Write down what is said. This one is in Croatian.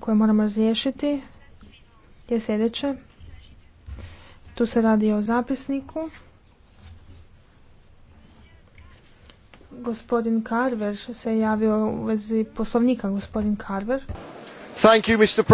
koje moramo razriješiti je sljedeće. Tu se radi o zapisniku. Gospodin Carver se javio u vezi poslovnika. Gospodin Carver. Thank you, Mr.